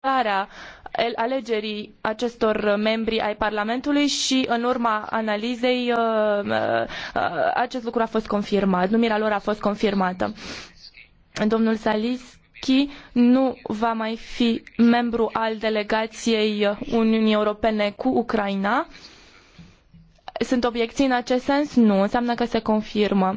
anularea alegerii acestor membri ai Parlamentului și în urma analizei uh, uh, acest lucru a fost confirmat, numirea lor a fost confirmată. Domnul Saliski nu va mai fi membru al delegației Uniunii Europene cu Ucraina. Sunt obiecții în acest sens? Nu. Înseamnă că se confirmă.